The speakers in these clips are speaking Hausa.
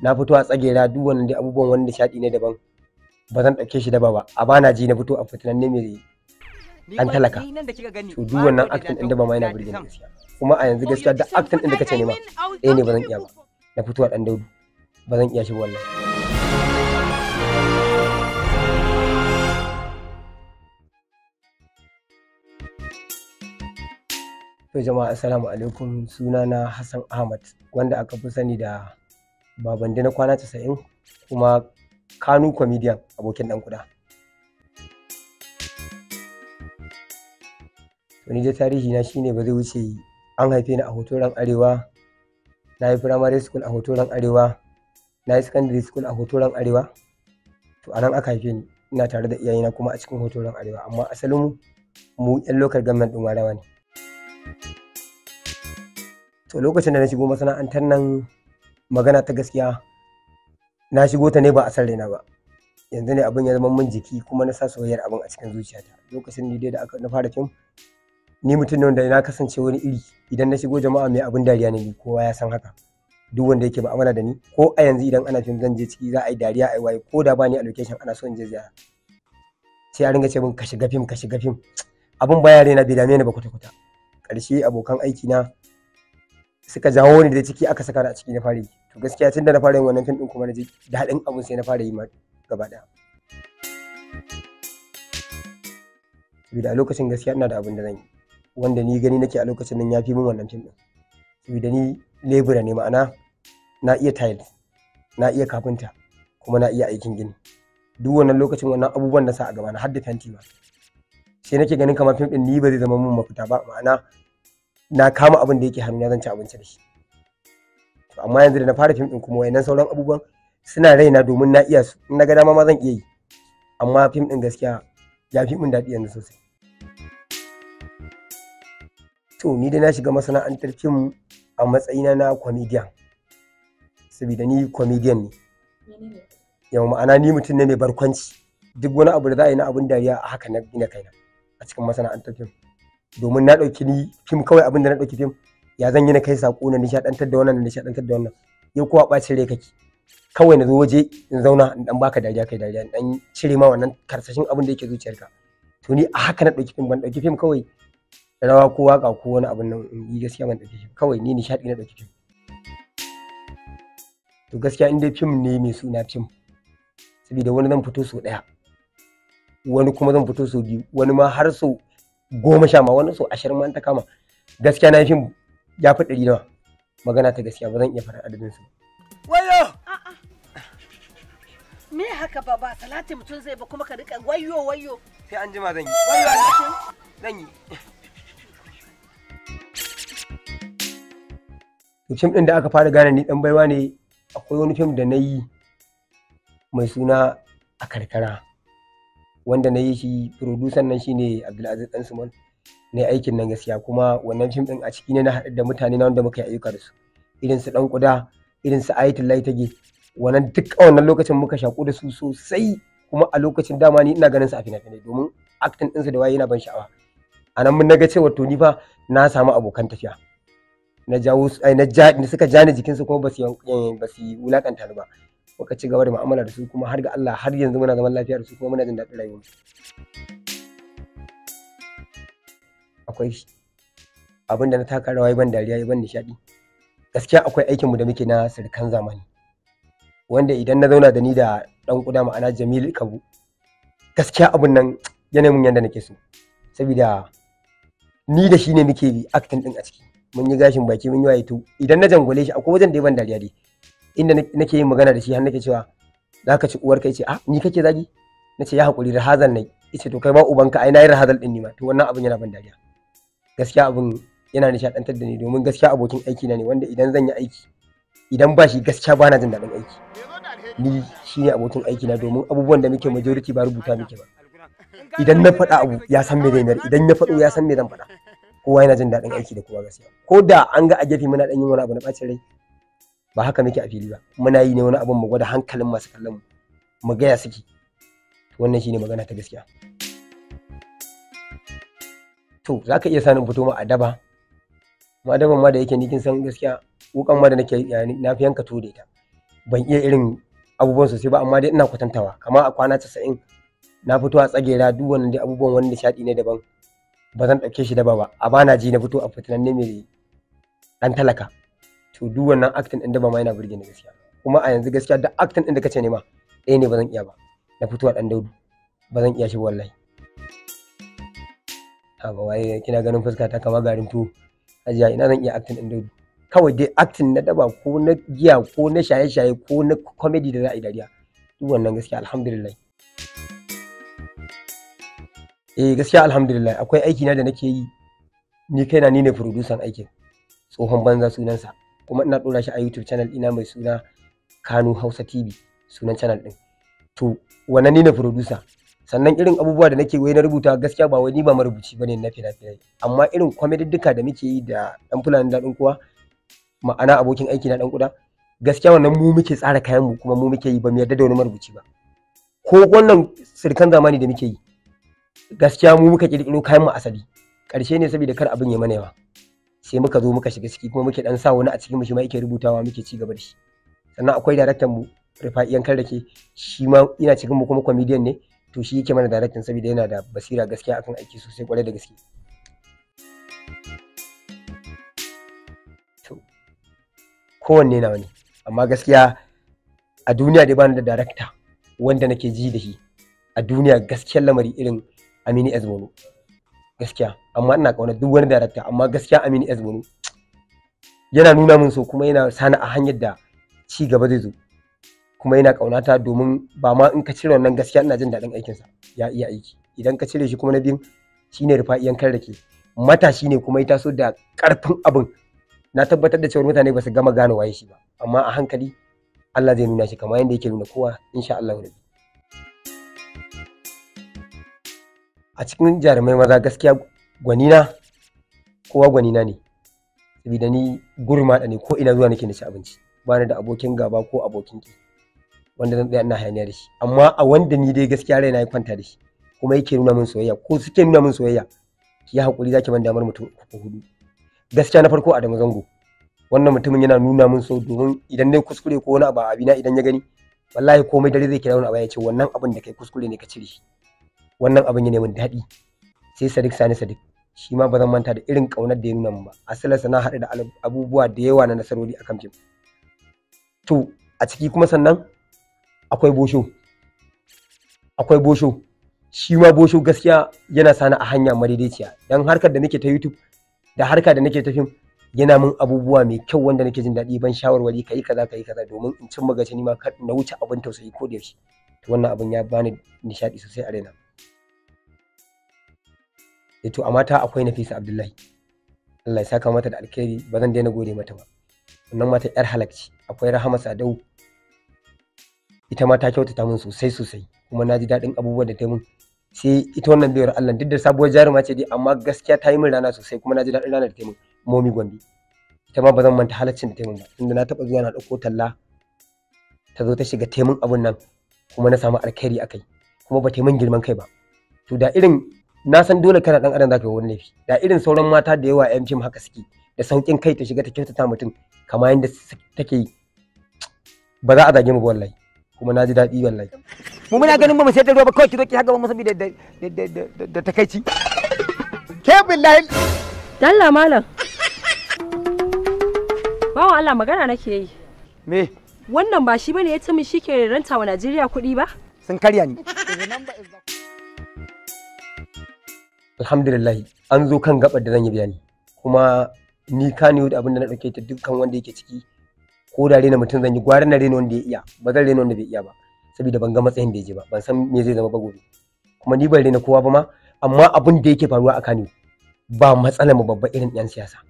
na fito a tsagera duk wannan abubuwan wani shaɗi ne daban ba zan ɗauke shi da ba a bana ji na fito a fitinan ne mai an talaka to duk wannan actin ɗin da ba ma yana birgin gaskiya kuma a yanzu gaskiya da actin ɗin da kace ma ɗaya ne ba zan iya ba na fito a ɗan daudu ba zan iya shi ba wallahi To jama'a assalamu alaikum sunana Hassan Ahmad wanda aka fi sani da babande na kwana 90 kuma kanu comedian abokin dan kuda wani dai tarihi na shine ba zai wuce an haife ni a hotoran arewa na yi primary school a hotoran arewa na yi secondary school a hotoran arewa to anan aka haife ni ina tare da iyayena kuma a cikin hotoran arewa amma asalin mu yan local government din warawa ne to lokacin da na shigo masana'antar nan magana ta gaskiya na shigo ta ne ba a san raina ba yanzu ne abin ya zama min jiki kuma na sa soyayyar abin a cikin zuciyata lokacin ne dai da aka na fara fim ni mutum ne wanda na kasance wani iri idan na shigo jama'a mai abin dariya ne ni kowa ya san haka duk wanda yake mu'amala da ni ko a yanzu idan ana fim zan je ciki za a yi dariya a yi waye ko da ba ni a location ana so in je ziyara sai a ringa ce min ka shiga fim ka shiga fim abin baya raina bai dame ni ba kwata kwata Karshe, abokan aiki na suka jawo ni da ciki aka saka a ciki na fara yi to gaskiya tun da na fara yin wannan fim din kuma na ji daɗin abun sai na fara yi gaba ɗaya saboda a lokacin gaskiya ina da abin da zan yi wanda ni gani nake a lokacin nan ya fi min wannan fim din saboda ni lebura ne ma'ana na iya tiles na iya kafinta kuma na iya aikin gini duk wannan lokacin wannan abubuwan na sa a gaba na har da fenti ma sai nake ganin kamar fim din ni ba zai zama mun mafita ba ma'ana na kama abin da yake hannu na zan ci abinci da shi to amma yanzu da na fara fim din kuma wayannan sauran abubuwan suna raina domin na iya su in na ga dama ma zan iya yi amma fim din gaskiya ya fi min daɗi yanzu sosai to ni dai na shiga masana'antar fim a matsayina na comedian saboda ni comedian ne yau ma'ana ni mutum ne mai barkwanci duk wani abu da za a yi na abin dariya a haka na gina kaina a cikin masana'antar fim domin na ɗauki ni fim kawai abin da na ɗauki fim ya zan yi na kai saƙo na nishaɗantar da wannan na nishaɗantar da wannan yau kowa ɓacin rai kake kawai na zo waje in zauna in dan baka dariya kai dariya in dan cire ma wannan karsashin abin da yake zuciyarka to ni a haka na ɗauki fim ban ɗauki fim kawai rawa ko waka ko wani abin nan in yi gaskiya ban ɗauki fim kawai ni nishaɗi na ɗauki fim to gaskiya in dai fim ne mai suna fim saboda wani zan fito so ɗaya wani kuma zan fito so biyu wani ma har so goma sha ma wani so ashirin ma ta kama gaskiya na fim ya fi ɗari nawa magana ta gaskiya ba zan iya faɗa adadin su wayo me haka ba ba salati mutum zai ba kuma ka rika wayo wayo sai an jima zan yi wayo zan yi fim ɗin da aka fara gane ni dan baiwa ne akwai wani fim da na yi mai suna a karkara wanda na yi shi producer nan shine Abdulaziz Dan Simon ne aikin nan gaskiya kuma wannan fim din a ciki ne na haɗu da mutane na wanda muka yi ayyuka da su irin su dan kuda irin su ayatul laitage wannan duk wannan lokacin muka shaku da su sosai kuma a lokacin dama ni ina ganin su a fina-finai domin acting su da waye yana ban sha'awa a nan mun naga cewa to ni fa na samu abokan tafiya na jawo na ja suka ja ni jikinsu kuma ba su wulakanta ni ba muka ci gaba da mu'amala da su kuma har ga Allah har yanzu muna zaman lafiya da su kuma muna jin daɗin rayuwa akwai abin da na taka rawa ban dariya ban nishaɗi gaskiya akwai aikinmu da muke na sirkan zamani wanda idan na zauna da ni da ɗan kuda ma'ana Jamil Kabu gaskiya abun nan yanayin yanda nake so saboda ni da shi ne muke acting din a ciki mun yi gashin baki mun yi waye to idan na jangule shi akwai wajen da ban dariya dai inda nake yin magana da shi har nake cewa za ka ci uwar kai ce a ah, ni kake zagi na ce ya haƙuri rahazal nai. ita to kai ma ubanka ai na yi rahazal ɗin ni ma to wannan abin yana ban dariya gaskiya abin yana nishaɗantar da ni domin gaskiya abokin aiki na ne wanda idan zan yi aiki idan ba shi gaskiya ba na jin daɗin aiki ni shi ne abokin aiki na domin abubuwan da muke majority ba rubuta muke ba idan na faɗa abu ya san me zai mayar idan ya faɗo ya san me zan faɗa kowa yana jin daɗin aiki da kowa gaskiya ko da an ga a gefe muna ɗan yin wani abu na ɓacin rai ba haka muke a fili ba muna yi ne wani abin mu gwada hankalin masu kallon mu mu gaya suke wannan shine magana ta gaskiya to za ka iya sanin fito ma a daba ma daban ma da yake ni kin san gaskiya wukan ma da nake na fi yanka to da ban iya irin abubuwan sosai ba amma dai ina kwatantawa kama a kwana casa'in, na fito a tsagera duk wannan dai abubuwan wani nishaɗi ne daban ba zan ɗauke shi daba ba a bana ji na fito a fitinan ne mai ɗan talaka to duk wannan acting din da ba ma yana burge ni gaskiya kuma a yanzu gaskiya da acting din da kace nema ɗaya ne ba zan iya ba na fito a dan daudu ba zan iya shi wallahi ba waye kina ganin fuska ta kama garin tuwo ajiya ina zan iya acting din daudu kawai dai acting na daba ko na giya ko na shaye-shaye ko na comedy da za a yi dariya duk wannan gaskiya alhamdulillah eh gaskiya alhamdulillah akwai aiki na da nake yi ni kaina ni ne producer aikin tsohon banza sunansa kuma ina dora shi a YouTube channel ina mai suna Kano Hausa TV sunan channel ɗin. To wannan ni na producer sannan irin abubuwa da nake wai na rubuta gaskiya ba wai ni ba marubuci bane na fina-finai amma irin duka da muke yi da dan fulani da daɗin kuwa ma'ana abokin aiki na ɗan kuda gaskiya wannan mu muke tsara kayan mu kuma mu muke yi ba mu yarda da wani marubuci ba ko wannan sirkan zamani da muke yi gaskiya mu muka kirkiro kayan mu asali ƙarshe ne saboda kar abin ya manewa sai muka zo muka shiga ciki kuma muke dan sa wani a cikin mu shi ma yake rubutawa muke ci gaba da shi sannan akwai daraktan mu rufa'iyan karrake shi ma ina cikin mu kuma comedian ne to shi yake mana daraktan saboda yana da basira gaskiya akan aiki sosai kwarai da gaske kowanne na wani amma gaskiya a duniya dai bani da darakta wanda nake ji da shi a duniya gaskiyar lamari irin aminu ezmono gaskiya amma ina kauna duk wani darakta amma gaskiya Aminu S Bono yana nuna min so kuma yana sani a hanyar da ci gaba zai zo kuma yana kaunata domin ba ma in ka cire wannan gaskiya ina jin daɗin aikinsa ya iya aiki idan ka cire shi kuma na biyun shine iyan kan rake matashi ne kuma ya taso da ƙarfin abin na tabbatar da cewa mutane ba su gama gane waye shi ba amma a hankali Allah zai nuna shi kamar yadda yake nuna kowa insha Allah rabbi a cikin jarumai maza gaskiya gwanina kowa gwanina ne saboda ni gurma da ne ko ina zuwa nake na ci abinci ba da abokin gaba ko abokin ki wanda zan tsaya ina hayaniya da shi amma a wanda ni dai gaskiya raina ya kwanta da shi kuma yake nuna min soyayya ko suke nuna min soyayya ki yi hakuri zaki ban damar mutum ku hudu gaskiya na farko Adamu Zango wannan mutumin yana nuna min so domin idan nayi kuskure ko wani abu a abina idan ya gani wallahi komai dare zai kira wani abu ya ce wannan abin da kai kuskure ne ka cire shi wannan abin ya min daɗi sai sadiq sani Sadik. shi ma ba zan manta da irin ƙaunar da ya nuna ba asalarsa na haɗu da abubuwa da yawa na nasarori a fim to a ciki kuma sannan akwai bosho akwai bosho shi ma bosho gaskiya yana sani a hanya madaidaiciya Don harkar da nake ta youtube da harka da nake ta fim yana min abubuwa mai kyau wanda nake jin daɗi ban shawarwari ka yi kaza ka yi kaza domin in cimma gashi ni ma na wuce abin tausayi ko da yaushe wannan abin ya bani nishaɗi sosai a raina ya to a akwai nafisa abdullahi allah ya saka mata da alkhairi ba zan daina gode mata ba wannan mata yar halakci akwai rahama sadau ita ma ta kyautata mun sosai sosai kuma na ji daɗin abubuwan da ta mun sai ita wannan biyar allah duk da sabuwar jaruma ce dai amma gaskiya ta yi min rana sosai kuma na ji daɗin rana da ta mun momi gombe ita ma ba zan manta halaccin da ta mun ba tunda na taɓa zuwa na ɗauko talla ta zo ta shiga taimun abun nan kuma na samu alkhairi a kai kuma ba mun girman kai ba to da irin na san dole kana dan adam zaka yi wani laifi da irin sauran mata da yawa yan jim haka suke da saukin kai ta shiga ta kyautata mutum kamar yadda take yi ba za a zage mu wallahi kuma na ji daɗi wallahi mu muna ganin ba mu sai da ruwa ba kawai ki zo ki haga mu saboda da da da da takaici ke billahi dalla malam bawan Allah magana nake yi me wannan ba shi bane ya ce min shike ranta wa Najeriya kuɗi ba sun karya ni alhamdulillah an zo kan gabar da zan yi bayani kuma ni da abin da na dauke ta dukkan wanda yake ciki ko da rena mutum zan yi gwara na rena wanda ya iya ba zan rena wanda bai iya ba saboda ban ga matsayin da ya je ba ban san me zai zama ba gobe kuma ni ban rena kowa ba ma amma abin da yake faruwa a kano ba matsala mu babba irin yan siyasa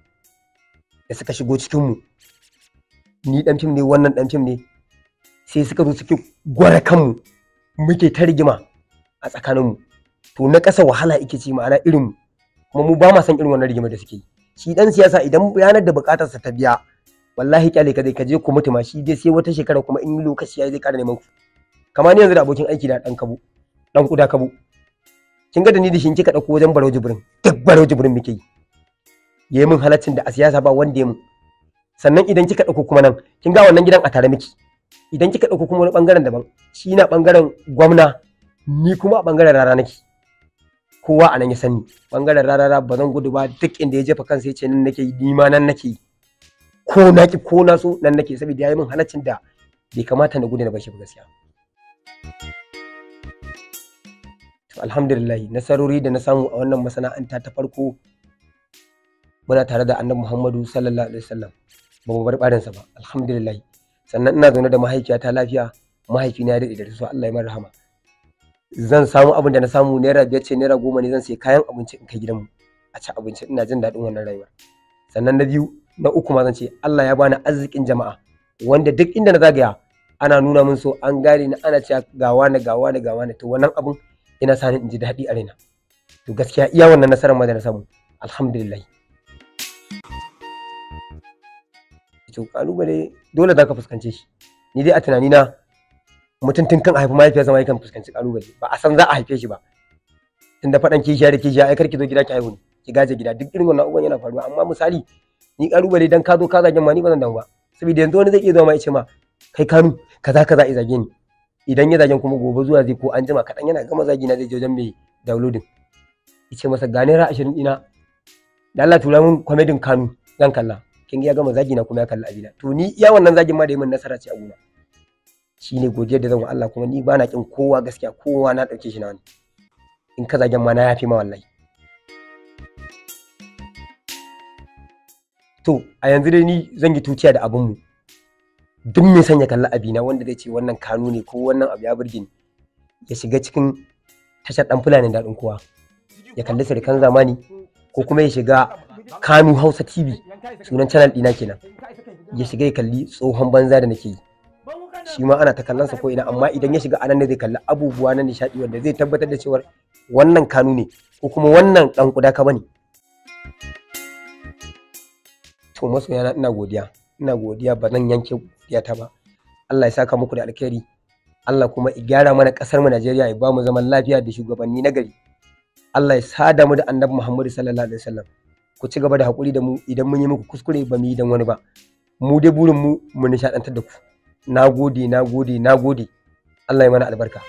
da suka shigo cikin mu ni dan fim ne wannan dan fim ne sai suka zo suke gwara kanmu muke ta rigima a tsakaninmu to na ƙasa wahala iki ci ma'ana irin kuma mu ba ma san irin wannan rigimar da suke shi dan siyasa idan yanar da sa ta biya wallahi kyale ka zai ka je ku mutu ma shi dai sai wata shekara kuma in lokaci ya zai kara neman ku kamar ni yanzu da abokin aiki da dan kabu dan kuda kabu kin ga da ni da shin kika dauko wajen barau jibrin duk barau jibrin muke yi yayi min halaccin da a siyasa ba wanda ya mun sannan idan kika dauko kuma nan kin ga wannan gidan a tare miki idan kika dauko kuma wani bangaren daban shi na bangaren gwamna ni kuma a bangaren rana nake kowa a nan ya sani bangaren rarara ba zan gudu ba duk inda ya jefa kansa ya ce nan nake ni ma nan nake ko na ki ko na so nan nake saboda yayi min halaccin da bai kamata na gudu na bashi ba gaskiya to alhamdulillah nasarori da na samu a wannan masana'anta ta farko muna tare da annabi Muhammadu sallallahu alaihi wasallam ba mu bar sa ba alhamdulillah sannan ina zaune da mahaifiyata lafiya mahaifina ya daɗe da su Allah ya rahama zan samu abin da na samu naira biyar ce naira goma ne zan sai kayan abinci in kai gidanmu a ci abinci ina jin daɗin wannan rayuwar sannan na biyu na uku ma zan ce Allah ya bani arzikin jama'a wanda duk inda na zagaya ana nuna min so an gane ni ana cewa ga wani ga wani ga wani to wannan abun ina sani in ji daɗi a raina to gaskiya iya wannan nasarar ma da na samu alhamdulillah to kalubale dole za ka fuskance shi ni dai a tunani na. mutum tun kan haifi mahaifiyar zama yakan fuskanci kalubale ba a san za a haife shi ba tunda faɗan kishiya da kishiya ai karki zo gida ki haihu ne, ki gaje gida duk irin wannan abubuwan yana faruwa amma misali ni kalubale dan ka zo ka zage ma ni ba zan damu ba saboda yanzu wani zai iya zama mai ce ma kai kanu kaza kaza i zage ni idan ya zagen kuma gobe zuwa zai ko an jima kaɗan yana gama zagi na zai je wajen mai downloading ice masa ga naira ashirin ina. da Allah tura min comedy kanu zan kalla kin ya gama zagi na kuma ya kalla abina to ni iya wannan zagin ma da yi min nasara ce a gona Shi ne godiyar da zan wa Allah kuma ni ba na kin kowa gaskiya kowa na ɗauke shi na wani in ka zagen ma na yafi ma wallahi to a yanzu dai ni zan yi tuciya da abin mu duk mai sanya kalla abina wanda zai ce wannan kanu ne ko wannan abu ya burge ya shiga cikin tashar ɗan fulani daɗin kowa ya kalli sirikan zamani ko kuma ya shiga kanu hausa tv sunan channel ɗina kenan ya shiga ya kalli tsohon banza da nake yi shi ma ana ta sa ko ina amma idan ya shiga anan ne zai kalli abubuwa na nishadi wanda zai tabbatar da cewa wannan kanu ne ko kuma wannan dan kuda ka bane to masoya ina godiya ina godiya ba zan yanke godiyata ba Allah ya saka muku da alkhairi Allah kuma ya gyara mana kasar mu Najeriya ya ba mu zaman lafiya da shugabanni na gari Allah ya sada mu da Annabi muhammadu sallallahu alaihi wasallam ku ci gaba da hakuri da mu idan mun yi muku kuskure ba mu yi dan wani ba mu dai burin mu mu nishadantar da ku na gode na gode na gode Allah ya mana albarka